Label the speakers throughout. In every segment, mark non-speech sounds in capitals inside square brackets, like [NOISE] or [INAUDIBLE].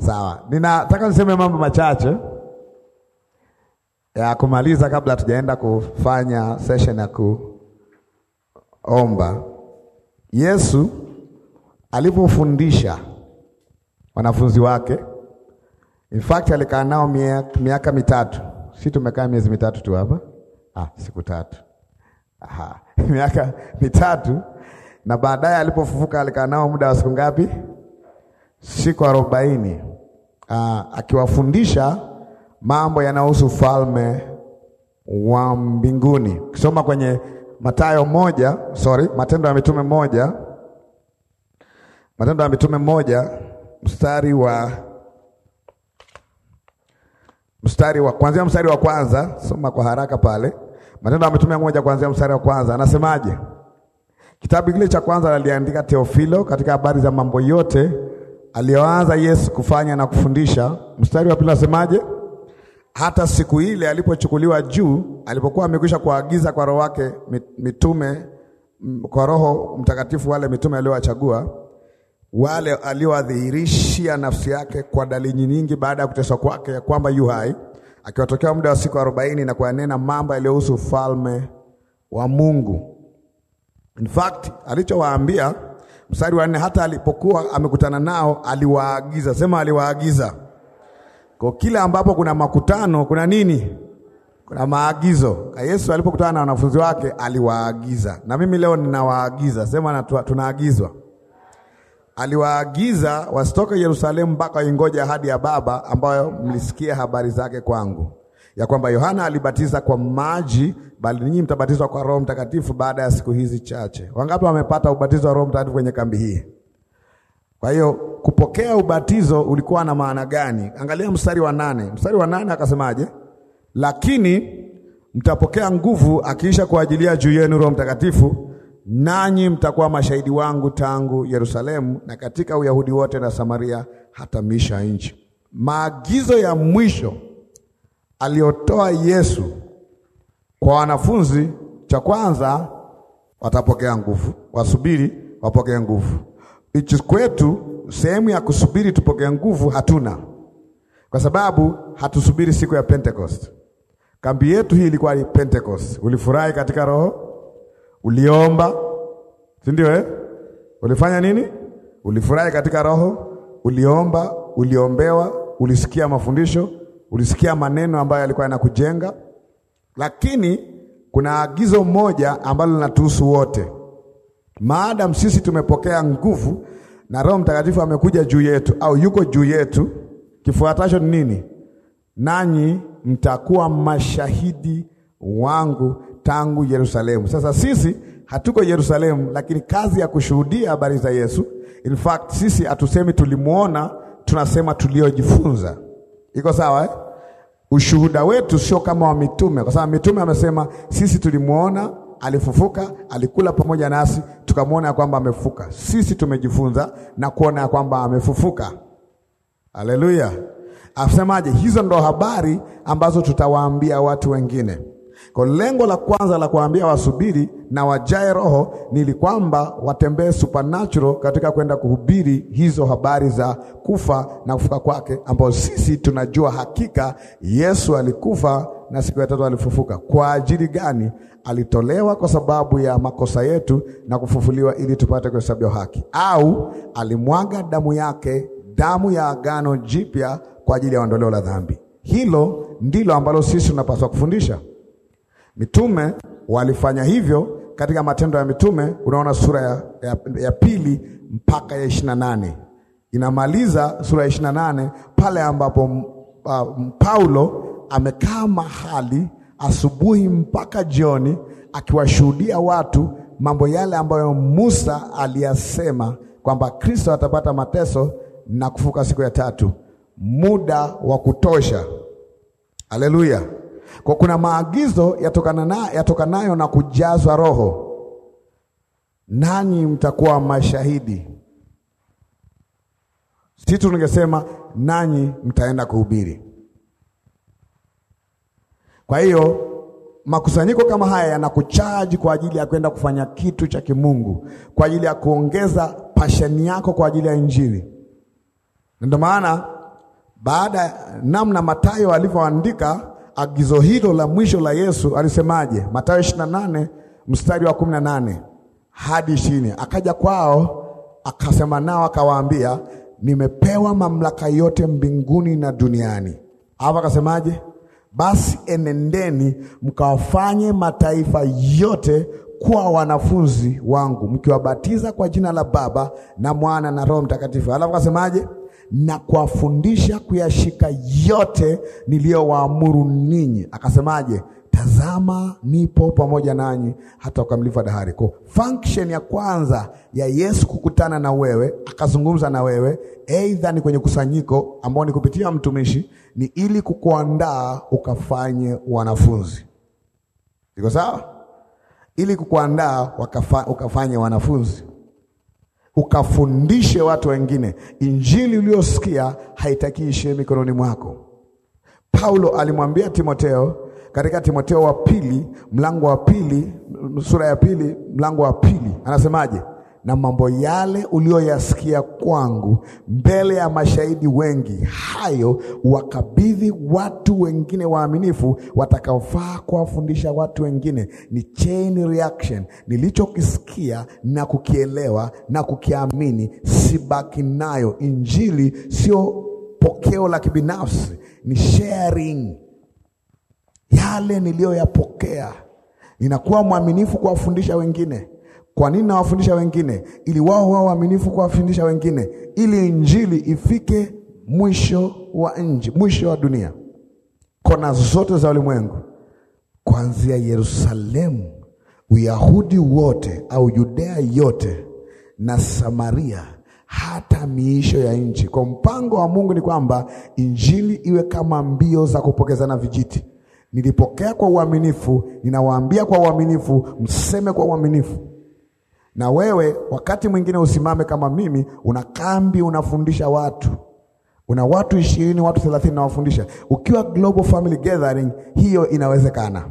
Speaker 1: Sawa, ninataka niseme mambo machache ya kumaliza kabla tujaenda kufanya session ya kuomba. Yesu alipofundisha wanafunzi wake, in fact alikaa nao miaka mitatu, si tumekaa miezi mitatu tu hapa ah, siku tatu Aha. [LAUGHS] miaka mitatu, na baadaye alipofufuka alikaa nao muda wa siku ngapi? Siku arobaini uh, akiwafundisha mambo yanayohusu ufalme wa mbinguni. Ukisoma kwenye matayo moja, sorry, Matendo ya Mitume moja, Matendo ya Mitume moja mstari wa mstari wa kuanzia mstari wa kwanza, soma kwa haraka pale. Matendo ya Mitume moja kuanzia mstari wa kwanza, anasemaje? Kitabu kile cha kwanza aliandika Teofilo katika habari za mambo yote aliyoanza Yesu kufanya na kufundisha. Mstari wa pili nasemaje? Hata siku ile alipochukuliwa juu, alipokuwa amekwisha kuagiza kwa roho wake mitume, kwa Roho Mtakatifu wale mitume aliowachagua, wale aliowadhihirishia nafsi yake kwa dalili nyingi baada ya kuteswa kwake, ya kwamba yu hai, akiwatokea muda wa siku arobaini na kuyanena mambo yaliyohusu ufalme wa Mungu. In fact alichowaambia mstari wa nne, hata alipokuwa amekutana nao aliwaagiza. Sema aliwaagiza. Kwa kila ambapo kuna makutano kuna nini? Kuna maagizo. Yesu alipokutana na wanafunzi wake aliwaagiza, na mimi leo ninawaagiza. Sema na tunaagizwa. Aliwaagiza wasitoke Yerusalemu mpaka ingoja ahadi ya Baba ambayo mlisikia habari zake kwangu ya kwamba Yohana alibatiza kwa maji, bali ninyi mtabatizwa kwa Roho Mtakatifu baada ya siku hizi chache. Wangapi wamepata ubatizo wa Roho Mtakatifu kwenye kambi hii? Kwa hiyo kupokea ubatizo ulikuwa na maana gani? Angalia mstari wa nane. Mstari wa nane akasemaje? Lakini mtapokea nguvu akiisha kuajilia juu yenu Roho Mtakatifu, nanyi mtakuwa mashahidi wangu tangu Yerusalemu na katika Uyahudi wote na Samaria hata miisha nchi. Maagizo ya mwisho aliyotoa Yesu kwa wanafunzi, cha kwanza watapokea nguvu, wasubiri wapokee nguvu. Ichi kwetu sehemu ya kusubiri tupokee nguvu hatuna, kwa sababu hatusubiri siku ya Pentecost. Kambi yetu hii ilikuwa ni Pentecost. Ulifurahi katika roho, uliomba, si ndio eh? Ulifanya nini? Ulifurahi katika roho, uliomba, uliombewa, ulisikia mafundisho Ulisikia maneno ambayo yalikuwa yanakujenga, lakini kuna agizo moja ambalo linatuhusu wote. Maadamu sisi tumepokea nguvu na Roho Mtakatifu amekuja juu yetu au yuko juu yetu, kifuatacho ni nini? Nanyi mtakuwa mashahidi wangu tangu Yerusalemu. Sasa sisi hatuko Yerusalemu, lakini kazi ya kushuhudia habari za Yesu. In fact, sisi hatusemi tulimwona, tunasema tuliojifunza. Iko sawa eh? Ushuhuda wetu sio kama wa mitume, kwa sababu mitume amesema sisi tulimwona alifufuka, alikula pamoja nasi, tukamwona ya kwamba amefufuka. Sisi tumejifunza na kuona ya kwamba amefufuka. Haleluya! Afsemaje? Hizo ndo habari ambazo tutawaambia watu wengine. Kwa lengo la kwanza la kuambia wasubiri na wajae Roho ni kwamba watembee supernatural katika kwenda kuhubiri hizo habari za kufa na kufuka kwake, ambao sisi tunajua hakika Yesu alikufa na siku ya tatu alifufuka. Kwa ajili gani? Alitolewa kwa sababu ya makosa yetu na kufufuliwa ili tupate kuhesabiwa haki, au alimwaga damu yake, damu ya agano jipya kwa ajili ya ondoleo la dhambi. Hilo ndilo ambalo sisi tunapaswa kufundisha. Mitume walifanya hivyo katika Matendo ya Mitume, unaona sura ya, ya, ya pili mpaka ya ishirini na nane inamaliza sura ya ishirini na nane pale ambapo uh, Paulo amekaa mahali asubuhi mpaka jioni akiwashuhudia watu mambo yale ambayo Musa aliyasema kwamba Kristo atapata mateso na kufuka siku ya tatu, muda wa kutosha. Haleluya. Kwa kuna maagizo yatokana na yatokanayo na kujazwa Roho, nanyi mtakuwa mashahidi. Si tu ningesema nanyi mtaenda kuhubiri. Kwa hiyo makusanyiko kama haya yanakuchaji kwa ajili ya kwenda kufanya kitu cha kimungu, kwa ajili ya kuongeza pasheni yako kwa ajili ya Injili. Ndio maana baada namna Mathayo alivyoandika agizo hilo la mwisho la Yesu alisemaje? Mathayo 28 mstari wa 18 hadi 20, akaja kwao akasema nao akawaambia, nimepewa mamlaka yote mbinguni na duniani. Hapo akasemaje? Basi enendeni mkawafanye mataifa yote kuwa wanafunzi wangu, mkiwabatiza kwa jina la Baba na Mwana na Roho Mtakatifu. Alafu akasemaje? na kuwafundisha kuyashika yote niliyowaamuru ninyi. Akasemaje? Tazama, nipo pamoja nanyi hata ukamilifu wa dahari. Kwa function ya kwanza ya Yesu kukutana na wewe, akazungumza na wewe, aidha ni kwenye kusanyiko ambao ni kupitia mtumishi, ni ili kukuandaa ukafanye wanafunzi. Iko sawa? Ili kukuandaa ukafanye wanafunzi ukafundishe watu wengine. Injili uliyosikia haitaki ishie mikononi mwako. Paulo alimwambia Timoteo katika Timoteo wa pili mlango wa pili sura ya pili mlango wa pili anasemaje? na mambo yale uliyoyasikia kwangu mbele ya mashahidi wengi, hayo wakabidhi watu wengine waaminifu watakaofaa kuwafundisha watu wengine. Ni chain reaction, nilichokisikia na kukielewa na kukiamini, sibaki nayo. Injili sio pokeo la kibinafsi, ni sharing. Yale niliyoyapokea ninakuwa mwaminifu kuwafundisha wengine. Kwa nini nawafundisha wengine? Ili wao wao waaminifu kuwafundisha wengine, ili injili ifike mwisho wa nchi, mwisho wa dunia, kona zote za ulimwengu, kuanzia Yerusalemu, Uyahudi wote au Judea yote na Samaria, hata miisho ya nchi. Kwa mpango wa Mungu ni kwamba injili iwe kama mbio za kupokezana vijiti. Nilipokea kwa uaminifu, ninawaambia kwa uaminifu, mseme kwa uaminifu na wewe wakati mwingine usimame kama mimi, una kambi, unafundisha watu, una watu ishirini, watu thelathini nawafundisha, ukiwa global family gathering, hiyo inawezekana.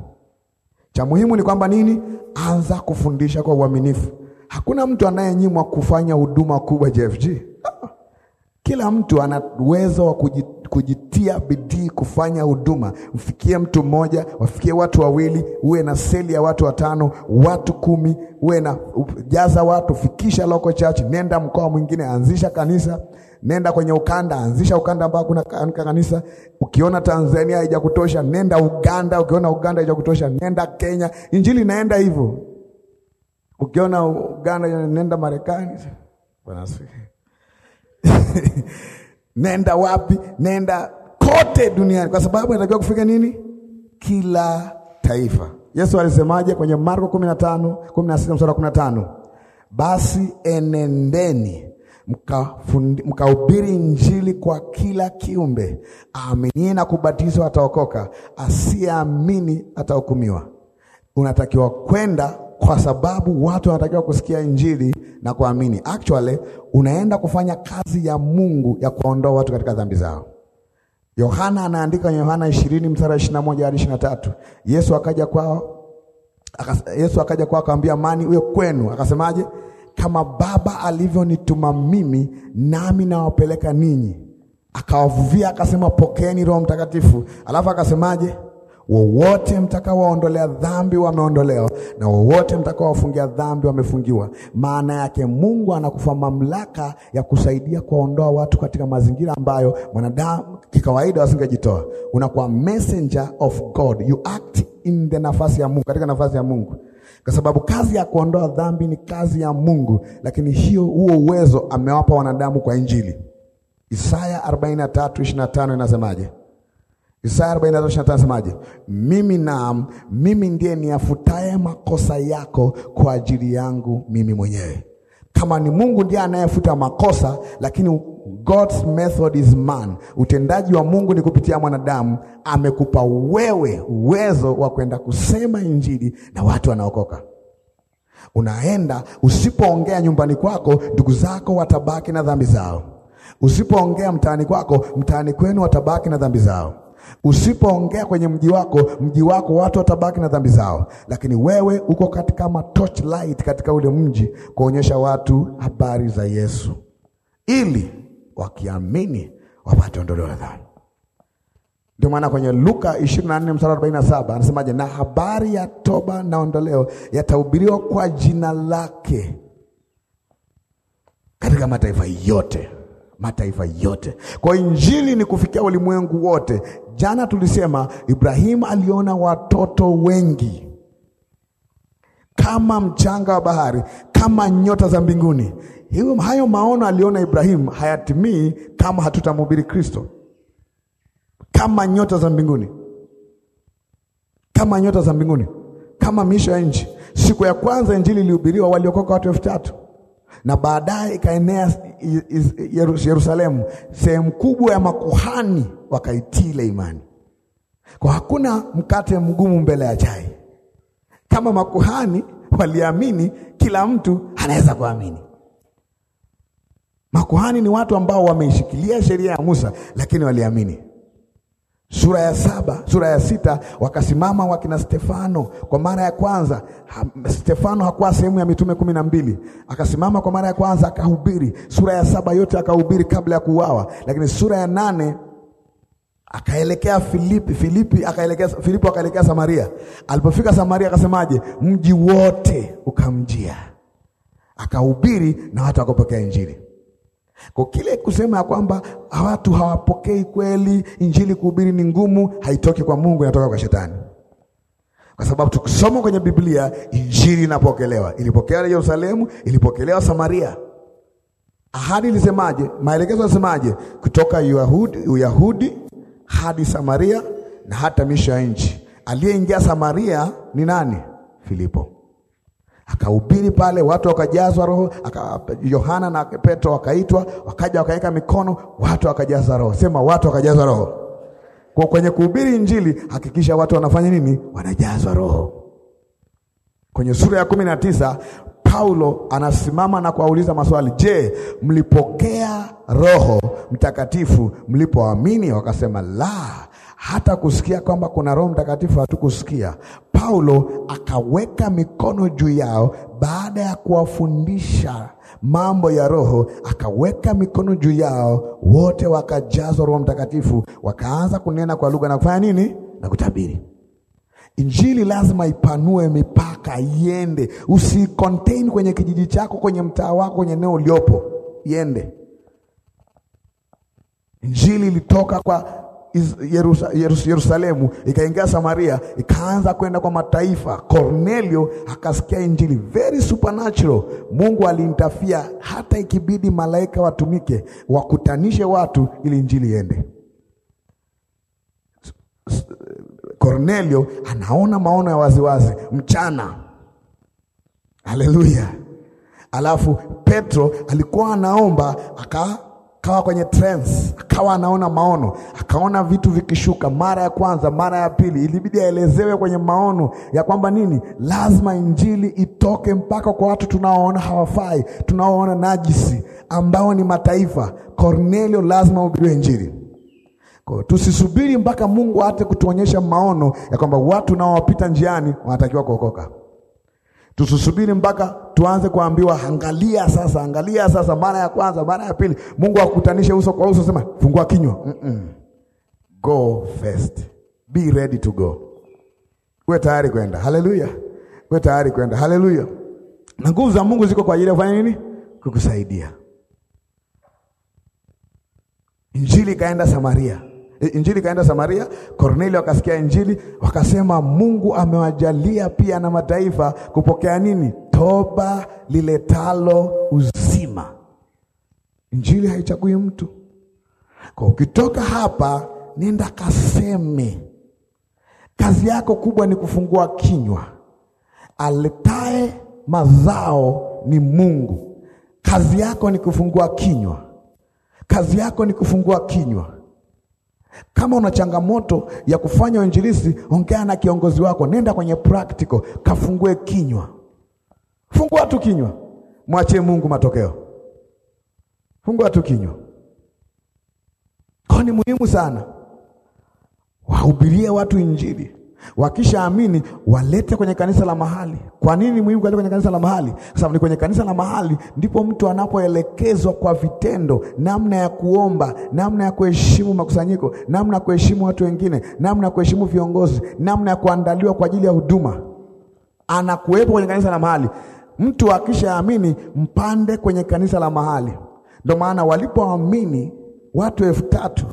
Speaker 1: Cha muhimu ni kwamba nini? Anza kufundisha kwa uaminifu. Hakuna mtu anayenyimwa kufanya huduma kubwa JFG. Kila mtu ana uwezo wa kujitia bidii kufanya huduma, mfikie mtu mmoja, wafikie watu wawili, uwe na seli ya watu watano, watu kumi, uwe na jaza watu, fikisha local church, nenda mkoa mwingine, anzisha kanisa, nenda kwenye ukanda, anzisha ukanda ambao kuna kanisa. Ukiona Tanzania haijakutosha, nenda Uganda. Ukiona Uganda haijakutosha, nenda Kenya. Injili inaenda hivyo. Ukiona Uganda, nenda Marekani. Bwana asifiwe. [LAUGHS] nenda wapi? Nenda kote duniani, kwa sababu inatakiwa kufika nini? Kila taifa. Yesu alisemaje kwenye Marko 15 16 mstari wa 15? Basi enendeni mkahubiri Injili kwa kila kiumbe, aaminie na kubatizwa ataokoka, asiyeamini atahukumiwa. Unatakiwa kwenda kwa sababu watu wanatakiwa kusikia injili na kuamini. Actually, unaenda kufanya kazi ya Mungu ya kuondoa watu katika dhambi zao. Yohana anaandika kwenye Yohana 20 mstari 21 hadi 23. Yesu akaja kwao, Yesu akaja kwao akamwambia amani uwe kwenu. Akasemaje? Kama Baba alivyonituma mimi, nami nawapeleka ninyi. Akawavuvia akasema, pokeeni Roho Mtakatifu. Alafu akasemaje? Wowote mtakaowaondolea dhambi wameondolewa, na wowote mtakaowafungia dhambi wamefungiwa. Maana yake Mungu anakufa mamlaka ya kusaidia kuwaondoa watu katika mazingira ambayo mwanadamu kikawaida wasingejitoa. Unakuwa messenger of God, you act in the nafasi ya Mungu, katika nafasi ya Mungu, kwa sababu kazi ya kuondoa dhambi ni kazi ya Mungu, lakini hiyo huo uwezo amewapa wanadamu kwa Injili. Isaya 43:25 inasemaje? Isaya 43:25 nasemaje? Mimi naam, mimi ndiye niafutaye makosa yako kwa ajili yangu mimi mwenyewe. Kama ni Mungu ndiye anayefuta makosa, lakini God's method is man. Utendaji wa Mungu ni kupitia mwanadamu. Amekupa wewe uwezo wa kwenda kusema injili na watu wanaokoka. Unaenda, usipoongea nyumbani kwako, ndugu zako watabaki na dhambi zao. Usipoongea mtaani kwako, mtaani kwenu watabaki na dhambi zao. Usipoongea kwenye mji wako, mji wako watu watabaki na dhambi zao, lakini wewe uko katika kama torch light katika ule mji kuonyesha watu habari za Yesu, ili wakiamini wapate ondoleo la dhambi. Ndio maana kwenye Luka 24 mstari 47 anasemaje? Na habari ya toba na ondoleo yatahubiriwa kwa jina lake katika mataifa yote, mataifa yote. Kwa injili ni kufikia ulimwengu wote. Jana tulisema Ibrahimu aliona watoto wengi kama mchanga wa bahari, kama nyota za mbinguni. Hiyo hayo maono aliona Ibrahimu hayatimii kama hatutamhubiri Kristo, kama nyota za mbinguni, kama nyota za mbinguni, kama miisho ya nchi. Siku ya kwanza injili ilihubiriwa, waliokoka watu elfu tatu na baadaye ikaenea Yerusalemu, sehemu kubwa ya makuhani wakaitii ile imani, kwa hakuna mkate mgumu mbele ya chai. Kama makuhani waliamini, kila mtu anaweza kuamini. Makuhani ni watu ambao wameishikilia sheria ya Musa, lakini waliamini. Sura ya saba, sura ya sita, wakasimama wakina Stefano kwa mara ya kwanza. Ha, Stefano hakuwa sehemu ya mitume kumi na mbili. Akasimama kwa mara ya kwanza akahubiri. Sura ya saba yote akahubiri kabla ya kuuawa, lakini sura ya nane akaelekea Filipi, Filipi akaelekea Filipo akaelekea Samaria. Alipofika Samaria akasemaje? Mji wote ukamjia, akahubiri na watu wakapokea Injili. Kwa kile kusema ya kwamba watu hawapokei kweli injili, kuhubiri ni ngumu, haitoki kwa Mungu, inatoka kwa shetani, kwa sababu tukisoma kwenye Biblia injili inapokelewa. Ilipokelewa Yerusalemu, ilipokelewa Samaria. Ahadi ilisemaje? Maelekezo yasemaje? Kutoka Uyahudi hadi Samaria na hata misho ya nchi. Aliyeingia Samaria ni nani? Filipo akahubiri pale, watu wakajazwa roho. Yohana na Petro wakaitwa, wakaja wakaweka mikono, watu wakajaza roho. Sema watu wakajaza roho. Kwa kwenye kuhubiri Injili, hakikisha watu wanafanya nini? Wanajazwa roho. Kwenye sura ya kumi na tisa Paulo anasimama na kuwauliza maswali. Je, mlipokea Roho Mtakatifu mlipoamini? Wakasema la, hata kusikia kwamba kuna Roho Mtakatifu hatukusikia. Paulo akaweka mikono juu yao baada ya kuwafundisha mambo ya Roho, akaweka mikono juu yao, wote wakajazwa Roho Mtakatifu, wakaanza kunena kwa lugha na kufanya nini? Na kutabiri. Injili lazima ipanue mipaka, iende. Usicontain kwenye kijiji chako, kwenye mtaa wako, kwenye eneo uliopo, iende. Injili ilitoka kwa Yerusalemu ikaingia Samaria ikaanza kwenda kwa mataifa. Cornelio akasikia injili, very supernatural. Mungu alimtafia hata ikibidi malaika watumike wakutanishe watu ili injili iende. Cornelio anaona maono ya waziwazi mchana. Haleluya! Alafu Petro alikuwa anaomba aka akawa kwenye trance, akawa anaona maono, akaona vitu vikishuka mara ya kwanza, mara ya pili. Ilibidi aelezewe kwenye maono ya kwamba nini, lazima injili itoke mpaka kwa watu tunaoona hawafai, tunaoona najisi, ambao ni mataifa. Kornelio, lazima ubiriwe injili. Tusisubiri mpaka Mungu aate kutuonyesha maono ya kwamba watu naowapita njiani wanatakiwa kuokoka. Tusisubiri mpaka tuanze kuambiwa angalia sasa, angalia sasa, mara ya kwanza, mara ya pili, Mungu akutanishe uso kwa uso, sema fungua kinywa. mm -mm. Go first, be ready to go. Uwe tayari kwenda. Haleluya, uwe tayari kwenda. Haleluya. Na nguvu za Mungu ziko kwa ajili ya kufanya nini? Kukusaidia. Injili ikaenda Samaria. Injili ikaenda Samaria, Kornelio akasikia Injili, wakasema Mungu amewajalia pia na mataifa kupokea nini? Toba liletalo uzima. Injili haichagui mtu. Kwa ukitoka hapa, nenda kaseme. Kazi yako kubwa ni kufungua kinywa. Aletae mazao ni Mungu. Kazi yako ni kufungua kinywa. Kazi yako ni kufungua kinywa. Kama una changamoto ya kufanya uinjilisi, ongea na kiongozi wako, nenda kwenye practical, kafungue kinywa. Fungua tu kinywa, mwachie Mungu matokeo. Fungua tu kinywa. Kwa ni muhimu sana wahubirie watu Injili. Wakishaamini walete kwenye kanisa la mahali. Kwa nini muhimu kuleta kwenye kanisa la mahali? Kwa sababu ni kwenye kanisa la mahali ndipo mtu anapoelekezwa kwa vitendo, namna ya kuomba, namna ya kuheshimu makusanyiko, namna ya kuheshimu watu wengine, namna ya kuheshimu viongozi, namna ya kuandaliwa kwa ajili ya huduma. Anakuwepo kwenye kanisa la mahali. Mtu akishaamini, mpande kwenye kanisa la mahali. Ndio maana walipoamini watu elfu tatu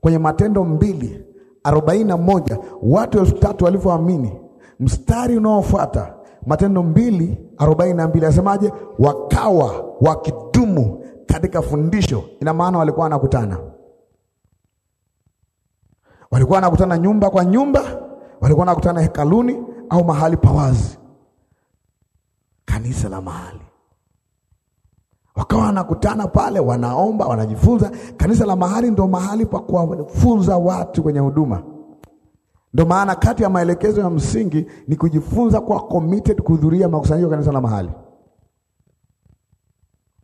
Speaker 1: kwenye Matendo mbili arobaini na moja watu elfu tatu walivyoamini. Mstari unaofuata Matendo mbili arobaini na mbili asemaje? Wakawa wakidumu katika fundisho. Ina maana walikuwa wanakutana, walikuwa wanakutana nyumba kwa nyumba, walikuwa wanakutana hekaluni au mahali pawazi, kanisa la mahali wakawa wanakutana pale, wanaomba, wanajifunza. Kanisa la mahali ndo mahali pa kuwafunza watu kwenye huduma. Ndo maana kati ya maelekezo ya msingi ni kujifunza kuwa committed kuhudhuria makusanyiko kanisa la mahali,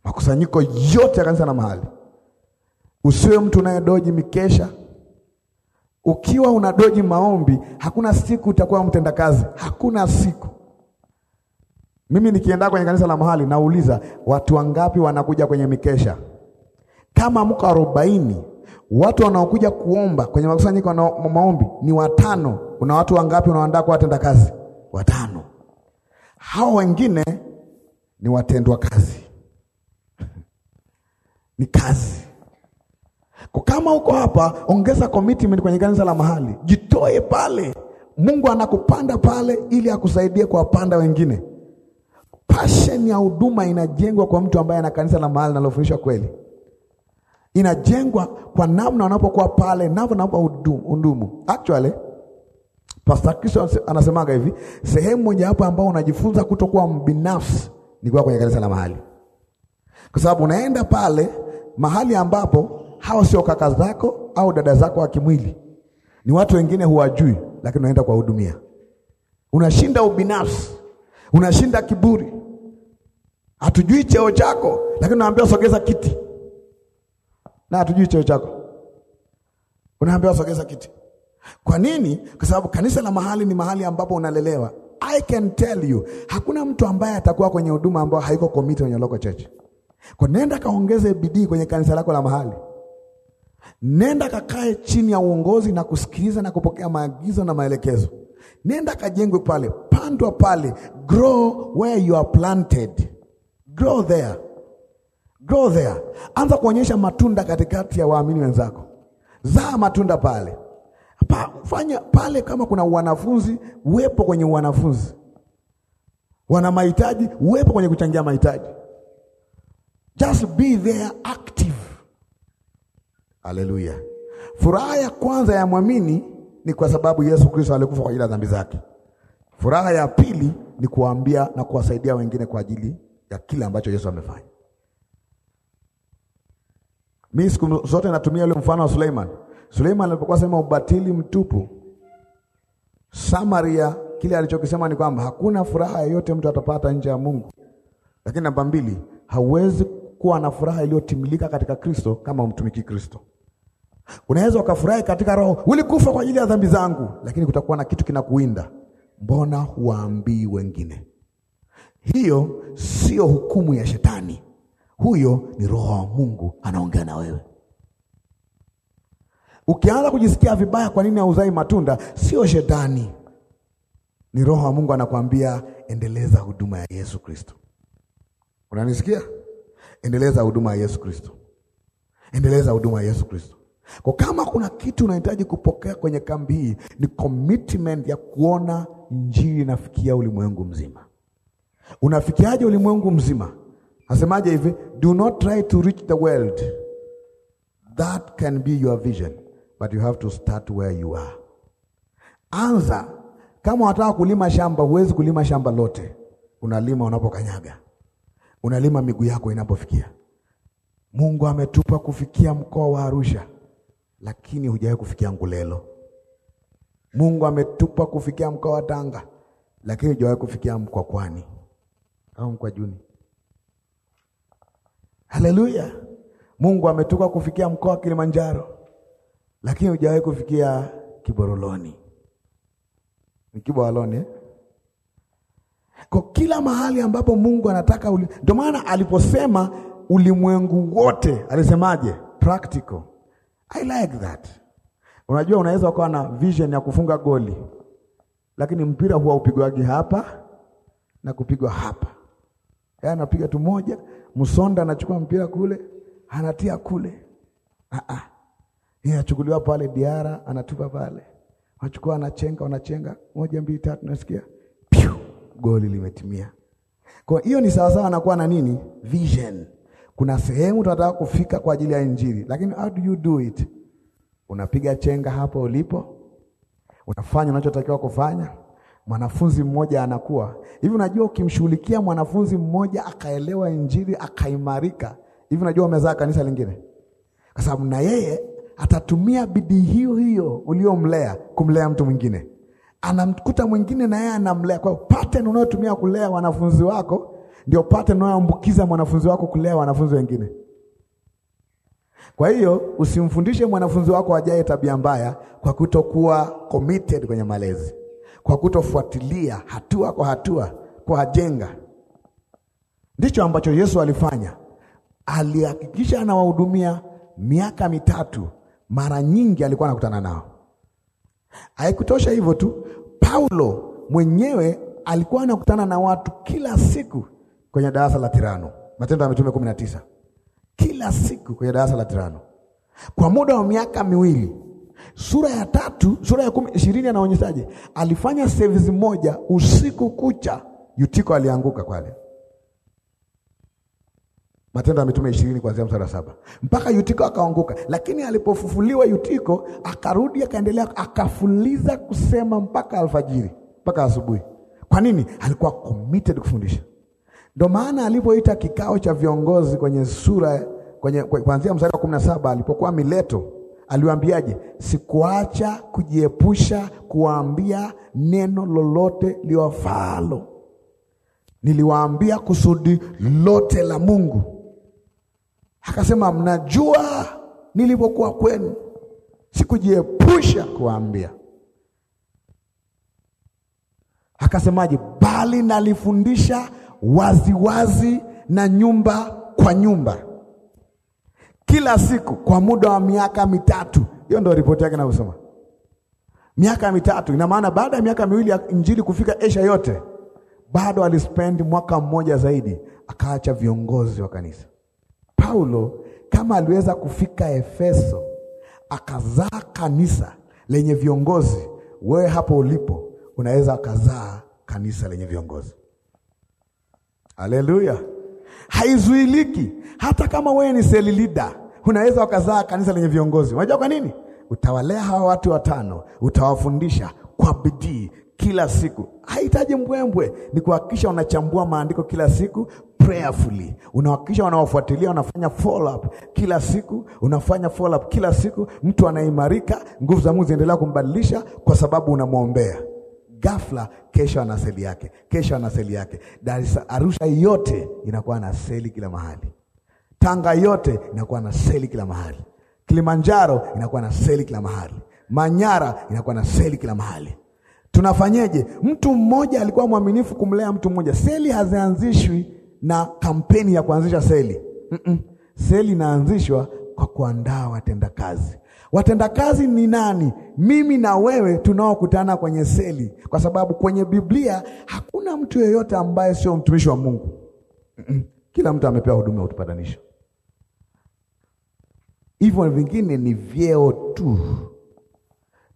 Speaker 1: makusanyiko yote ya kanisa la mahali. Usiwe mtu unayedoji mikesha. Ukiwa unadoji maombi, hakuna siku utakuwa mtendakazi, hakuna siku mimi nikienda kwenye kanisa la mahali nauliza watu wangapi wanakuja kwenye mikesha? Kama mko arobaini, watu wanaokuja kuomba kwenye makusanyiko na maombi ni watano. kuna watu wangapi unaoandaa kwa watenda kazi? Watano. Hao wengine ni watendwa kazi [LAUGHS] ni kazi. Kwa kama uko hapa, ongeza commitment kwenye kanisa la mahali, jitoe pale. Mungu anakupanda pale ili akusaidie kuwapanda wengine. Passion ya huduma inajengwa kwa mtu ambaye ana kanisa la mahali linalofundishwa kweli, inajengwa kwa namna wanapokuwa pale, navyo naomba hudumu. Actually Pastor Kristo anasemaga hivi, sehemu mojawapo ambao unajifunza kutokuwa mbinafsi ni kuwa kwenye kanisa la mahali, kwa sababu unaenda pale mahali ambapo hao sio kaka zako au dada zako wa kimwili, ni watu wengine huwajui, lakini unaenda kuwahudumia. Unashinda ubinafsi, unashinda kiburi, Hatujui cheo chako, lakini unaambiwa sogeza kiti, na hatujui cheo chako, unaambiwa sogeza kiti. Kwa nini? Kwa sababu kanisa la mahali ni mahali ambapo unalelewa. I can tell you, hakuna mtu ambaye atakuwa kwenye huduma ambayo haiko committed kwenye local church. Kwa nenda kaongeze bidii kwenye kanisa lako la mahali. Nenda kakae chini ya uongozi na kusikiliza na kupokea maagizo na maelekezo. Nenda kajengwe pale, pandwa pale, grow where you are planted. Grow there. Grow there. Anza kuonyesha matunda katikati ya waamini wenzako. Zaa matunda pale. Pa, fanya pale kama kuna wanafunzi, uwepo kwenye wanafunzi. Wana mahitaji, uwepo kwenye kuchangia mahitaji. Just be there active. Haleluya. Furaha ya kwanza ya mwamini ni kwa sababu Yesu Kristo alikufa kwa ajili ya dhambi zake. Furaha ya pili ni kuambia na kuwasaidia wengine kwa ajili ya kile ambacho Yesu amefanya. Mimi siku zote natumia ule mfano wa Suleiman. Suleiman alipokuwa sema ubatili mtupu, Samaria kile alichokisema ni kwamba hakuna furaha yoyote mtu atapata nje ya Mungu. Lakini namba mbili, hauwezi kuwa na furaha iliyotimilika katika Kristo kama umtumiki Kristo. Unaweza ukafurahi katika roho, ulikufa kwa ajili ya dhambi zangu, lakini kutakuwa na kitu kinakuinda, mbona huwaambii wengine? Hiyo sio hukumu ya shetani, huyo ni roho wa Mungu anaongea na wewe. Ukianza kujisikia vibaya, kwa nini hauzai matunda, sio shetani, ni roho wa Mungu anakuambia endeleza huduma ya Yesu Kristo. Unanisikia? Endeleza huduma ya Yesu Kristo, endeleza huduma ya Yesu Kristo. Kwa kama kuna kitu unahitaji kupokea kwenye kambi hii, ni commitment ya kuona injili inafikia ulimwengu mzima. Unafikiaje ulimwengu mzima? Nasemaje hivi, do not try to reach the world. That can be your vision, but you have to start where you are. Anza. Kama unataka kulima shamba, huwezi kulima shamba lote. Unalima unapokanyaga, unalima miguu yako inapofikia. Mungu ametupa kufikia mkoa wa Arusha, lakini hujawahi kufikia Ngulelo. Mungu ametupa kufikia mkoa wa Tanga, lakini hujawahi kufikia Mkwakwani au mkwajuni. Haleluya! Mungu ametuka kufikia mkoa wa Kilimanjaro, lakini hujawahi kufikia Kiboroloni, ni Kiboroloni eh? Kwa kila mahali ambapo Mungu anataka uli... ndio maana aliposema ulimwengu wote alisemaje? Practical. I like that. Unajua, unaweza ukawa na vision ya kufunga goli, lakini mpira huwa upigwagi hapa na kupigwa hapa. Yeye yaani anapiga tu moja, Musonda anachukua mpira kule, anatia kule. Ah ah. Yeye achukuliwa pale Diara, anatupa pale. Wachukua anachenga, wanachenga. Moja, mbili, tatu nasikia. Piu, goli limetimia. Kwa hiyo ni sawa sawa anakuwa na nini? Vision. Kuna sehemu tunataka kufika kwa ajili ya Injili, lakini how do you do it? Unapiga chenga hapo ulipo, unafanya unachotakiwa kufanya, Mwanafunzi mmoja anakuwa hivi. Unajua, ukimshughulikia mwanafunzi mmoja akaelewa Injili akaimarika hivi, unajua umezaa kanisa lingine, kwa sababu na yeye atatumia bidii hiyo hiyo uliomlea kumlea mtu mwingine, anamkuta mwingine na yeye anamlea. Kwa hiyo pattern unayotumia kulea wanafunzi wako ndio pattern unayoambukiza mwanafunzi wako kulea wanafunzi wengine. Kwa hiyo usimfundishe mwanafunzi wako ajaye tabia mbaya kwa kutokuwa committed kwenye malezi kwa kutofuatilia hatua kwa hatua kwa jenga. Ndicho ambacho Yesu alifanya, alihakikisha anawahudumia miaka mitatu. Mara nyingi alikuwa anakutana nao. Haikutosha hivyo tu, Paulo mwenyewe alikuwa anakutana na watu kila siku kwenye darasa la Tirano, Matendo ya Mitume 19, kila siku kwenye darasa la Tirano kwa muda wa miaka miwili. Sura ya tatu, sura ya kumi ishirini anaonyeshaje? Alifanya service moja usiku kucha, Yutiko alianguka kwale. Matendo ya Mitume ishirini kuanzia mstari wa saba mpaka Yutiko akaanguka, lakini alipofufuliwa Yutiko akarudi akaendelea akafuliza kusema mpaka alfajiri mpaka asubuhi. Kwa nini? Alikuwa committed kufundisha. Ndio maana alipoita kikao cha viongozi kwenye sura kwenye kuanzia mstari wa kumi na saba alipokuwa Mileto aliwaambiaje? Sikuacha kujiepusha kuwaambia neno lolote liwafalo, niliwaambia kusudi lote la Mungu. Akasema, mnajua nilipokuwa kwenu, sikujiepusha kuwaambia. Akasemaje? Bali nalifundisha waziwazi na nyumba kwa nyumba kila siku kwa muda wa miaka mitatu. Hiyo ndio ripoti yake inavyosema, miaka mitatu. Ina maana baada ya miaka miwili ya injili kufika Asia yote, bado alispendi mwaka mmoja zaidi, akaacha viongozi wa kanisa. Paulo kama aliweza kufika Efeso akazaa kanisa lenye viongozi, wewe hapo ulipo unaweza ukazaa kanisa lenye viongozi. Haleluya! haizuiliki. Hata kama wewe ni seli leader, unaweza ukazaa kanisa lenye viongozi. Unajua kwa nini? Utawalea hawa watu watano, utawafundisha kwa bidii kila siku. Hahitaji mbwembwe, ni kuhakikisha unachambua maandiko kila siku prayerfully, unahakikisha wanawafuatilia, unafanya follow up kila siku, unafanya follow up kila siku. Mtu anaimarika, nguvu za Mungu zinaendelea kumbadilisha kwa sababu unamwombea ghafla, kesho ana seli yake, kesho ana seli yake. Dar es Arusha yote inakuwa na seli kila mahali, Tanga yote inakuwa na seli kila mahali, Kilimanjaro inakuwa na seli kila mahali, Manyara inakuwa na seli kila mahali. Tunafanyeje? Mtu mmoja alikuwa mwaminifu kumlea mtu mmoja. Seli hazianzishwi na kampeni ya kuanzisha seli. Mm -mm. Seli inaanzishwa kwa kuandaa watendakazi. Watendakazi ni nani? Mimi na wewe tunaokutana kwenye seli, kwa sababu kwenye Biblia hakuna mtu yeyote ambaye sio mtumishi wa Mungu. Kila mtu amepewa huduma ya utupatanisho. Hivyo vingine ni vyeo tu.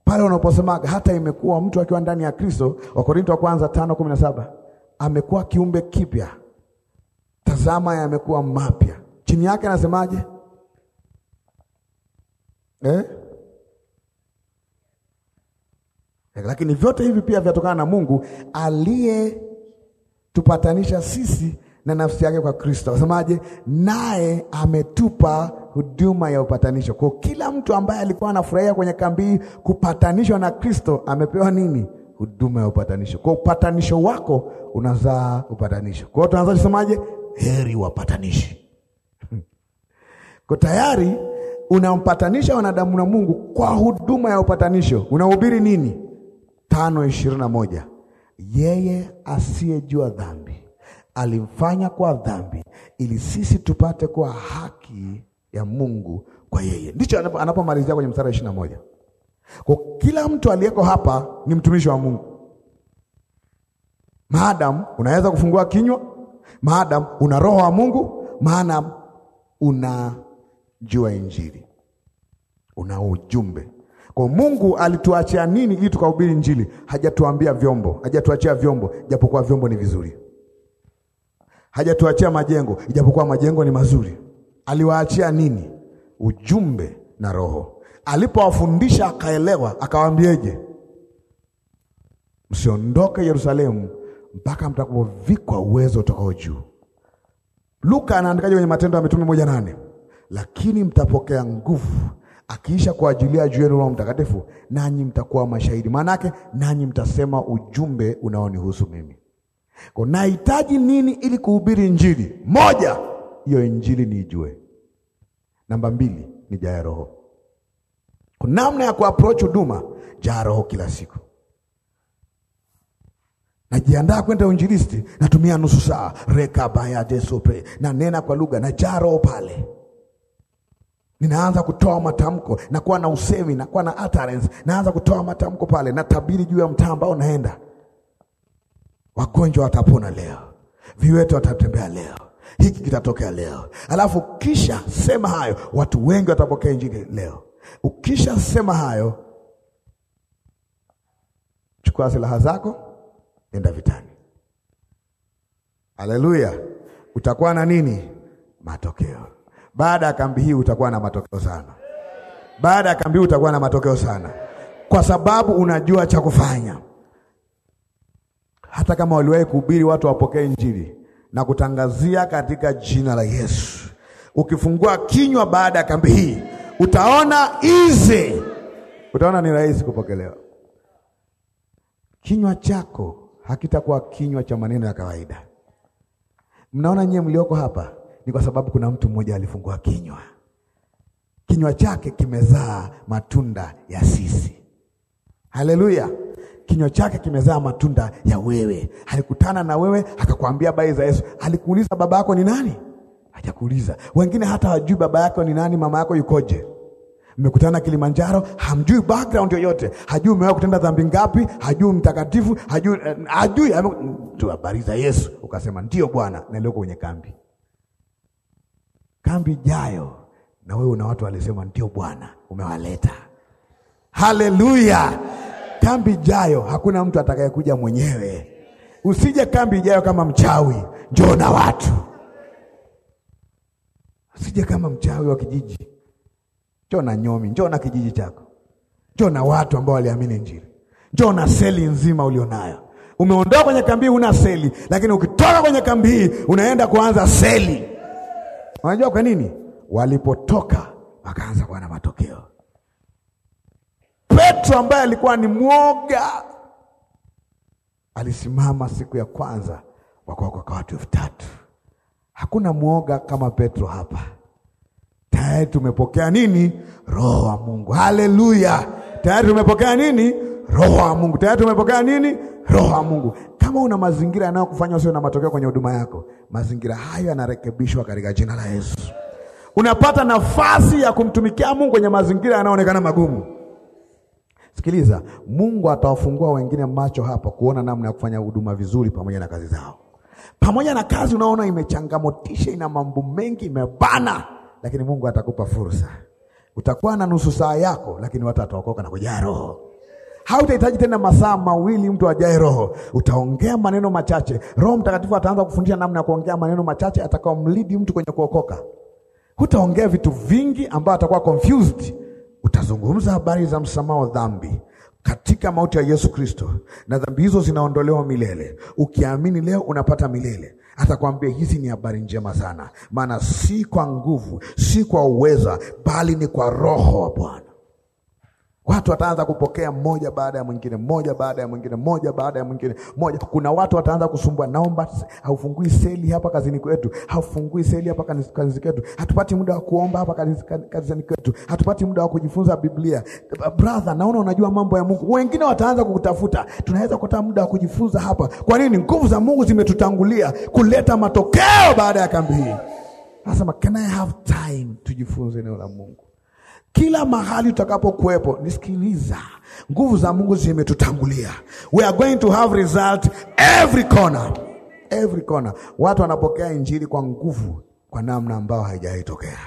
Speaker 1: Pale unaposema hata imekuwa mtu akiwa ndani ya Kristo, Wakorinto wa kwanza 5:17, amekuwa kiumbe kipya, tazama yamekuwa mapya. Chini yake anasemaje? Eh? eh? Lakini vyote hivi pia vyatokana na Mungu aliyetupatanisha sisi na nafsi yake kwa Kristo. Wasemaje? Naye ametupa huduma ya upatanisho. Kwa kila mtu ambaye alikuwa anafurahia kwenye kambi kupatanishwa na Kristo amepewa nini? Huduma ya upatanisho. Kwa upatanisho wako unazaa upatanisho. Kwa hiyo tunaanza kusemaje? Heri wapatanishi. [LAUGHS] Kwa tayari unampatanisha wanadamu na Mungu kwa huduma ya upatanisho. Unahubiri nini? tano ishirini na moja yeye asiyejua dhambi alimfanya kwa dhambi ili sisi tupate kuwa haki ya Mungu kwa yeye. Ndicho anapomalizia kwenye mstari wa ishirini na moja. Kwa kila mtu aliyeko hapa ni mtumishi wa Mungu. Maadamu unaweza kufungua kinywa, maadamu una roho wa Mungu, maana una juu ya Injili, una ujumbe kwa Mungu alituachia nini ili tukahubiri Injili? Hajatuambia vyombo, hajatuachia vyombo, japokuwa vyombo ni vizuri. Hajatuachia majengo, ijapokuwa majengo ni mazuri. Aliwaachia nini? Ujumbe na Roho. Alipowafundisha akaelewa, akawaambieje? Msiondoke Yerusalemu mpaka mtakapovikwa uwezo utokao juu. Luka anaandikaje kwenye Matendo ya Mitume moja nane lakini mtapokea nguvu akiisha kuajilia juu yenu Roho Mtakatifu, nanyi mtakuwa mashahidi. Maana yake nanyi mtasema ujumbe unaonihusu mimi. Kwa nahitaji nini ili kuhubiri Injili? Moja, hiyo Injili niijue. Namba mbili, ni jaya Roho. Kwa namna ya kuapproach huduma, jaa Roho kila siku. Najiandaa kwenda uinjilisti, natumia nusu saa reka baya jesopre, na nena kwa lugha na jaa Roho pale ninaanza kutoa matamko, nakuwa na usemi, nakuwa na utterance, naanza kutoa matamko pale, natabiri juu ya mtaa ambao naenda. Wagonjwa watapona leo, viwete watatembea leo, hiki kitatokea leo. Alafu kisha sema hayo, watu wengi watapokea injili leo. Ukisha sema hayo, chukua silaha zako, enda vitani. Haleluya! Utakuwa na nini? Matokeo. Baada ya kambi hii utakuwa na matokeo sana. Baada ya kambi hii utakuwa na matokeo sana, kwa sababu unajua cha kufanya. Hata kama waliwahi kuhubiri watu wapokee Injili na kutangazia katika jina la Yesu, ukifungua kinywa baada ya kambi hii utaona easy, utaona ni rahisi kupokelewa. Kinywa chako hakitakuwa kinywa cha maneno ya kawaida. Mnaona nyie mlioko hapa ni kwa sababu kuna mtu mmoja alifungua kinywa. Kinywa chake kimezaa matunda ya sisi. Haleluya! Kinywa chake kimezaa matunda ya wewe. Alikutana na wewe akakwambia habari za Yesu. Alikuuliza baba yako ni nani? Hajakuuliza. Wengine hata hawajui baba yako ni nani, mama yako yukoje. Mmekutana Kilimanjaro, hamjui background yoyote, hajui umewahi kutenda dhambi ngapi, hajui mtakatifu, hajui eh, hajui tu habari za Yesu. Ukasema ndio Bwana, na leo kwenye kambi kambi ijayo, na wewe una watu walisema, ndio Bwana umewaleta. Haleluya! Kambi ijayo hakuna mtu atakayekuja mwenyewe. Usije kambi ijayo kama mchawi, njoo na watu. Usije kama mchawi wa kijiji, njoo na nyomi, njoo na kijiji chako, njoo na watu ambao waliamini Injili, njoo na seli nzima ulionayo. Umeondoka kwenye kambi, una seli, lakini ukitoka kwenye kambi hii unaenda kuanza seli Unajua kwa nini? Walipotoka wakaanza kuwa na matokeo. Petro ambaye alikuwa ni mwoga alisimama siku ya kwanza, wakaokoka kwa watu elfu tatu. Hakuna mwoga kama Petro hapa. Tayari tumepokea nini? Roho wa Mungu. Haleluya! Tayari tumepokea nini? roho wa Mungu. Tayari tumepokea nini? Roho wa Mungu. Kama una mazingira yanayokufanya usiwe na matokeo kwenye huduma yako, mazingira hayo yanarekebishwa katika jina la Yesu. Unapata nafasi ya kumtumikia Mungu kwenye mazingira yanayoonekana magumu. Sikiliza, Mungu atawafungua wengine macho hapa kuona namna ya kufanya huduma vizuri pamoja na kazi zao. Pamoja na kazi unaona imechangamotisha, ina mambo mengi, imebana, lakini Mungu atakupa fursa. Utakuwa na nusu saa yako, lakini watu wataokoka na kujaa roho. Hautahitaji tena masaa mawili mtu ajae Roho, utaongea maneno machache. Roho Mtakatifu ataanza kufundisha namna ya kuongea maneno machache atakaomlidi mtu kwenye kuokoka. Hutaongea vitu vingi ambayo atakuwa confused. Utazungumza habari za msamaha wa dhambi katika mauti ya Yesu Kristo, na dhambi hizo zinaondolewa milele. Ukiamini leo unapata milele. Atakwambia hizi ni habari njema sana, maana si kwa nguvu, si kwa uweza, bali ni kwa Roho wa Bwana. Watu wataanza kupokea mmoja baada ya mwingine, mmoja baada ya mwingine, mmoja baada ya mwingine, moja. Kuna watu wataanza kusumbua, naomba, haufungui seli hapa kazini kwetu, haufungui seli hapa kazini kwetu, hatupati muda wa kuomba hapa kazini kwetu, hatupati muda wa kujifunza Biblia. Brother, naona unajua mambo ya Mungu. Wengine wataanza kukutafuta, tunaweza kupata muda wa kujifunza hapa. Kwa nini? Nguvu za Mungu zimetutangulia kuleta matokeo baada ya kambi hii. Nasema, can I have time tujifunze neno la Mungu? Kila mahali utakapokuwepo, nisikiliza, nguvu za Mungu zimetutangulia. We are going to have result every corner, every corner. Watu wanapokea injili kwa nguvu, kwa namna ambayo haijaitokea.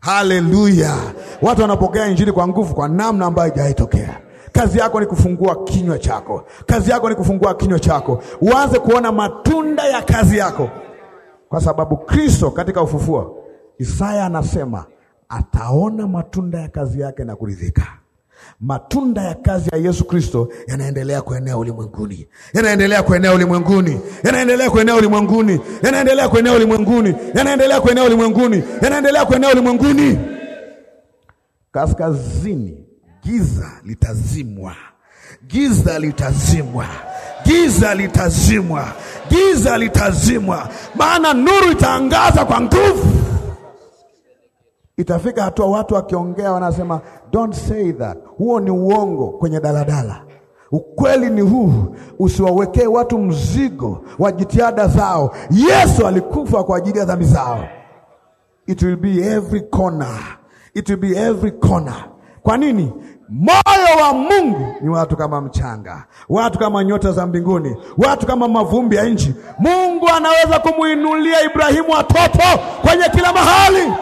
Speaker 1: Haleluya! Watu wanapokea injili kwa nguvu, kwa namna ambayo haijaitokea. Kazi yako ni kufungua kinywa chako. Kazi yako ni kufungua kinywa chako, uanze kuona matunda ya kazi yako, kwa sababu Kristo katika ufufuo, Isaya anasema ataona matunda ya kazi yake na kuridhika. Matunda ya kazi ya Yesu Kristo yanaendelea kuenea ulimwenguni, yanaendelea kuenea ulimwenguni, yanaendelea kuenea ulimwenguni, yanaendelea kuenea ulimwenguni, yanaendelea kuenea ulimwenguni, yanaendelea kuenea ulimwenguni. Kaskazini giza litazimwa, giza litazimwa, giza litazimwa, giza litazimwa, maana nuru itaangaza kwa nguvu. Itafika hatua watu wakiongea wanasema don't say that, huo ni uongo kwenye daladala. Ukweli ni huu, usiwawekee watu mzigo wa jitihada zao. Yesu alikufa kwa ajili ya dhambi zao. It will be every corner, it will be every corner. Kwa nini? Moyo wa Mungu ni watu kama mchanga, watu kama nyota za mbinguni, watu kama mavumbi ya nchi. Mungu anaweza kumuinulia Ibrahimu watoto kwenye kila mahali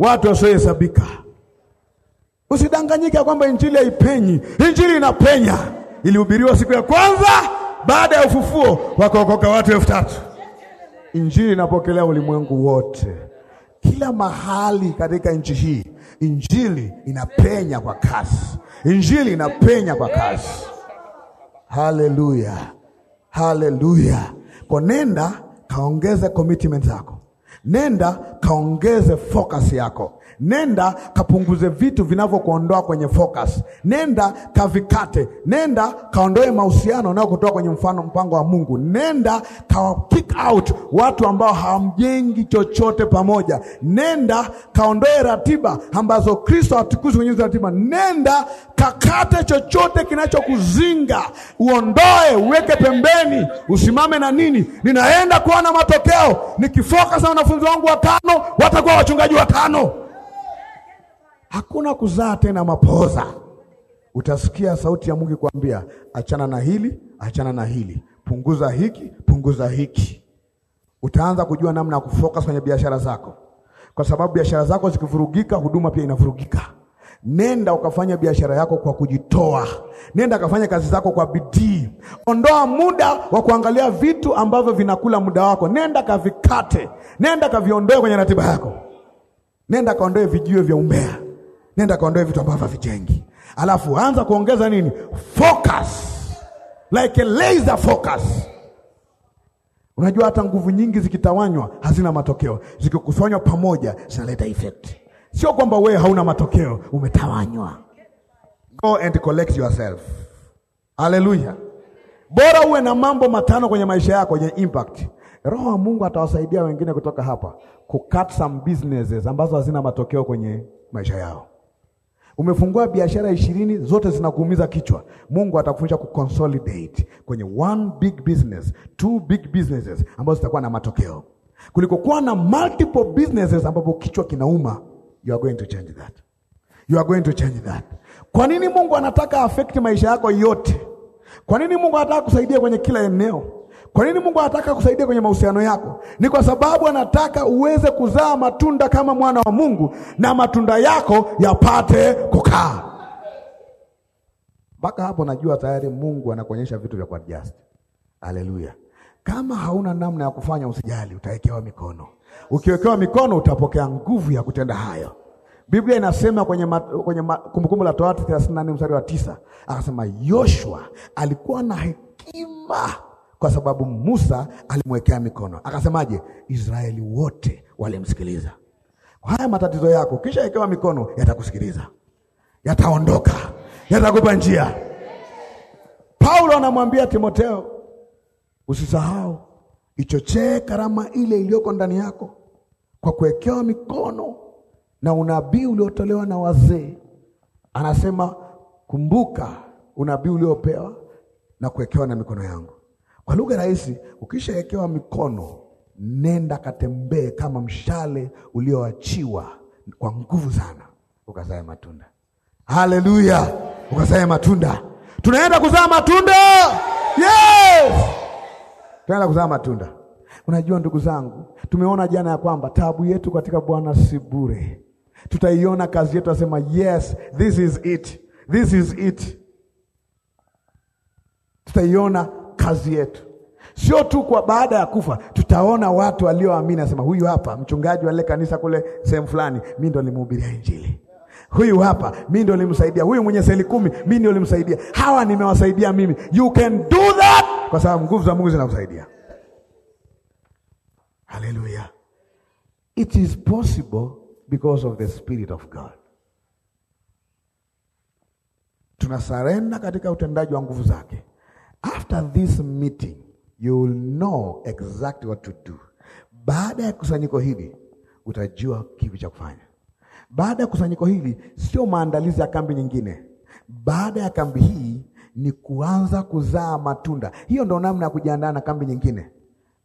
Speaker 1: watu wasiohesabika. Usidanganyike kwamba injili haipenyi. Injili inapenya. Ilihubiriwa siku ya kwanza baada ya ufufuo, wakaokoka watu elfu tatu. Injili inapokelea ulimwengu wote, kila mahali katika nchi hii. Injili inapenya kwa kasi, injili inapenya kwa kasi. Haleluya, haleluya! Konenda kaongeza commitment zako Nenda kaongeze focus yako. Nenda kapunguze vitu vinavyokuondoa kwenye focus. Nenda kavikate. Nenda kaondoe mahusiano unayokutoa kwenye mfano mpango wa Mungu. Nenda ka kick out watu ambao hamjengi chochote pamoja. Nenda kaondoe ratiba ambazo Kristo hatukuzi kwenye ratiba. Nenda kakate chochote kinachokuzinga, uondoe, uweke pembeni, usimame na nini. Ninaenda kuwa na matokeo nikifocus na wanafunzi wangu watano, watakuwa wachungaji watano. Hakuna kuzaa tena mapoza. Utasikia sauti ya Mungu kuambia, achana na hili, achana na hili, punguza hiki, punguza hiki. Utaanza kujua namna ya kufocus kwenye biashara zako, kwa sababu biashara zako zikivurugika, huduma pia inavurugika. Nenda ukafanya biashara yako kwa kujitoa, nenda akafanya kazi zako kwa bidii. Ondoa muda wa kuangalia vitu ambavyo vinakula muda wako, nenda kavikate, nenda kaviondoe kwenye ratiba yako, nenda kaondoe vijiwe vya umbea nenda kaondoe vitu ambavyo havijengi, alafu anza kuongeza nini? Focus like a laser focus. Unajua hata nguvu nyingi zikitawanywa hazina matokeo, zikikusanywa pamoja zinaleta effect. Sio kwamba wewe hauna matokeo, umetawanywa. Go and collect yourself. Haleluya! Bora uwe na mambo matano kwenye maisha yako yenye impact. Roho wa Mungu atawasaidia wengine kutoka hapa kucut some businesses ambazo hazina matokeo kwenye maisha yao. Umefungua biashara ishirini zote zinakuumiza kichwa. Mungu atakufundisha kuconsolidate kwenye one big business, two big businesses ambazo zitakuwa na matokeo kuliko kuwa na multiple businesses ambapo kichwa kinauma. You are going to change that. You are going to change that. Kwa nini Mungu anataka affect maisha yako yote? Kwa nini Mungu anataka kusaidia kwenye kila eneo? Kwa nini Mungu anataka kusaidia kwenye mahusiano yako? Ni kwa sababu anataka uweze kuzaa matunda kama mwana wa Mungu na matunda yako yapate kukaa. Mpaka hapo najua tayari Mungu anakuonyesha vitu vya kuadjust. Haleluya. Kama hauna namna ya kufanya usijali, utawekewa mikono. Ukiwekewa mikono utapokea nguvu ya kutenda hayo. Biblia inasema kwenye, kwenye Kumbukumbu la Torati 34 mstari wa tisa, akasema Yoshua alikuwa na hekima kwa sababu Musa alimwekea mikono. Akasemaje? Israeli wote walimsikiliza. Kwa haya matatizo yako, kisha ikawa mikono, yatakusikiliza, yataondoka, yatakupa njia. Paulo anamwambia Timotheo, usisahau ichochee karama ile iliyoko ndani yako kwa kuwekewa mikono na unabii uliotolewa na wazee. Anasema kumbuka unabii uliopewa na kuwekewa na mikono yangu. Kwa lugha rahisi, ukishawekewa mikono, nenda katembee kama mshale ulioachiwa kwa nguvu sana, ukazae matunda. Haleluya, ukazae matunda. Tunaenda kuzaa matunda, yes! Tunaenda kuzaa matunda. Unajua ndugu zangu, tumeona jana ya kwamba taabu yetu katika Bwana si bure. Tutaiona kazi yetu, asema yes, this is it, this is it, tutaiona kazi yetu, sio tu kwa baada ya kufa. Tutaona watu walioamini, asema huyu hapa mchungaji wa ile kanisa kule sehemu fulani, mi ndo nilimhubiria Injili. Huyu hapa mi ndo nilimsaidia. Huyu mwenye seli kumi, mi ndio nilimsaidia. Hawa nimewasaidia mimi. You can do that, kwa sababu nguvu za Mungu zinakusaidia. Haleluya. It is possible because of the spirit of God. Tunasarenda katika utendaji wa nguvu zake. After this meeting you will know exactly what to do. Baada ya kusanyiko hili utajua kipi cha kufanya. Baada ya kusanyiko hili sio maandalizi ya kambi nyingine. Baada ya kambi hii ni kuanza kuzaa matunda. Hiyo ndio namna ya kujiandaa na kambi nyingine.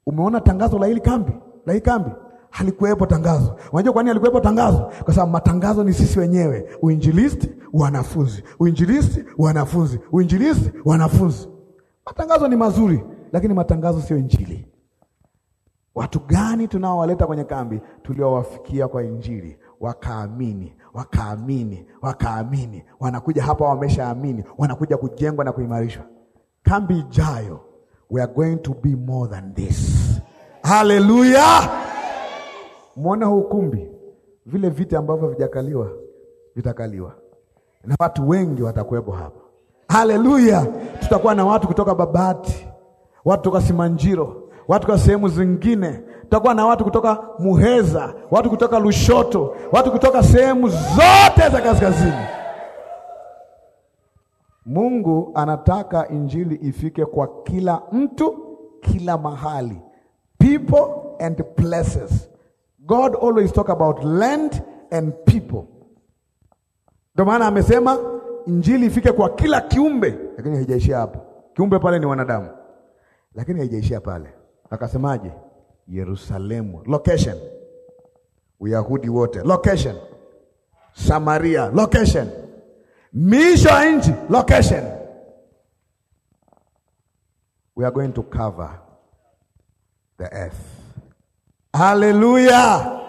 Speaker 1: Umeona tangazo la hili kambi, la hii kambi halikuwepo tangazo. Unajua kwa nini halikuwepo tangazo? Kwa sababu matangazo ni sisi wenyewe. Uinjilisti, wanafunzi. Uinjilisti, wanafunzi. Uinjilisti, wanafunzi. Matangazo ni mazuri, lakini matangazo sio injili. Watu gani tunaowaleta kwenye kambi? Tuliowafikia kwa injili, wakaamini, wakaamini, wakaamini, wanakuja hapa, wameshaamini, wanakuja kujengwa na kuimarishwa. Kambi ijayo we are going to be more than this. Haleluya! Mwona huu ukumbi, vile viti ambavyo vijakaliwa vitakaliwa, na watu wengi watakuwepo hapa. Haleluya! Tutakuwa na watu kutoka Babati, watu kutoka Simanjiro, watu kutoka sehemu zingine. Tutakuwa na watu kutoka Muheza, watu kutoka Lushoto, watu kutoka sehemu zote za kaskazini. Mungu anataka injili ifike kwa kila mtu, kila mahali, people and places. God always talk about land and people. Ndio maana amesema injili ifike kwa kila kiumbe, lakini haijaishia hapo. Kiumbe pale ni wanadamu, lakini haijaishia pale. Akasemaje? Yerusalemu, location. Uyahudi wote, location. Samaria, location. Miisho ya nchi, location. We are going to cover the earth. Hallelujah.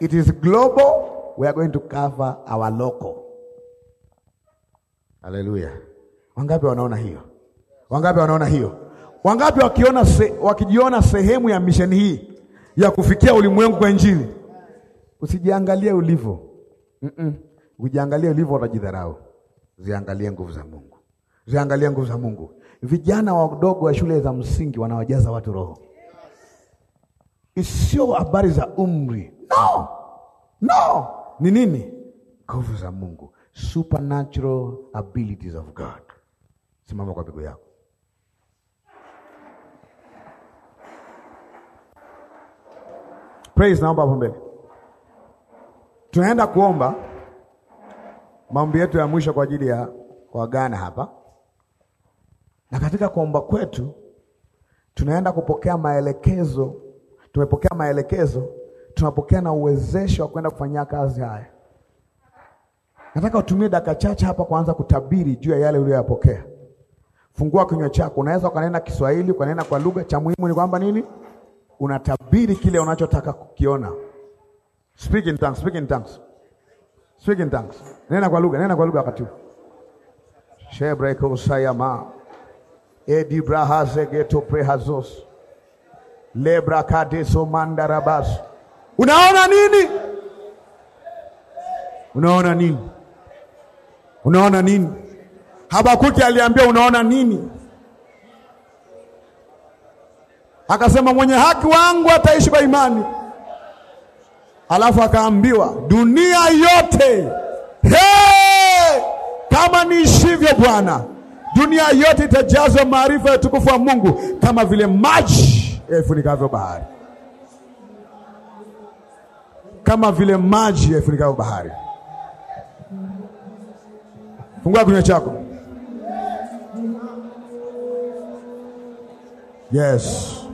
Speaker 1: It is global. We are going to cover our local. Haleluya! Wangapi wanaona hiyo? Wangapi wanaona hiyo? Wangapi wakiona se, wakijiona sehemu ya misheni hii ya kufikia ulimwengu kwa Injili? Usijiangalie ulivyo, ujiangalie ulivyo, utajidharau. Ziangalie nguvu za Mungu, ziangalie nguvu za Mungu. Vijana wadogo wa shule za msingi wanawajaza watu roho, isio habari za umri. No, no, ni nini? Nguvu za Mungu supernatural abilities of God. Simama kwa miguu yako. Praise, naomba hapo mbele. Tunaenda kuomba maombi yetu ya mwisho kwa ajili ya wagana hapa, na katika kuomba kwetu tunaenda kupokea maelekezo. Tumepokea maelekezo, tunapokea na uwezesho wa kwenda kufanyia kazi haya. Nataka utumie dakika chache hapa kuanza kutabiri juu ya yale uliyoyapokea. Fungua kinywa chako, unaweza ukanena Kiswahili, ukanena kwa lugha. Cha muhimu ni kwamba nini, unatabiri kile unachotaka kukiona. Speak in tongues, speak in tongues, speak in tongues. Nena kwa lugha, nena kwa lugha wakati huu lebra kadeso mandarabas. Unaona nini? Unaona nini? unaona nini? Habakuki aliambia unaona nini? Akasema mwenye haki wangu ataishi kwa imani, alafu akaambiwa dunia yote hey! kama niishivyo Bwana, dunia yote itajazwa maarifa ya utukufu wa Mungu kama vile maji yaifunikavyo bahari, kama vile maji yaifunikavyo bahari. Fungua kinywa chako. Yes.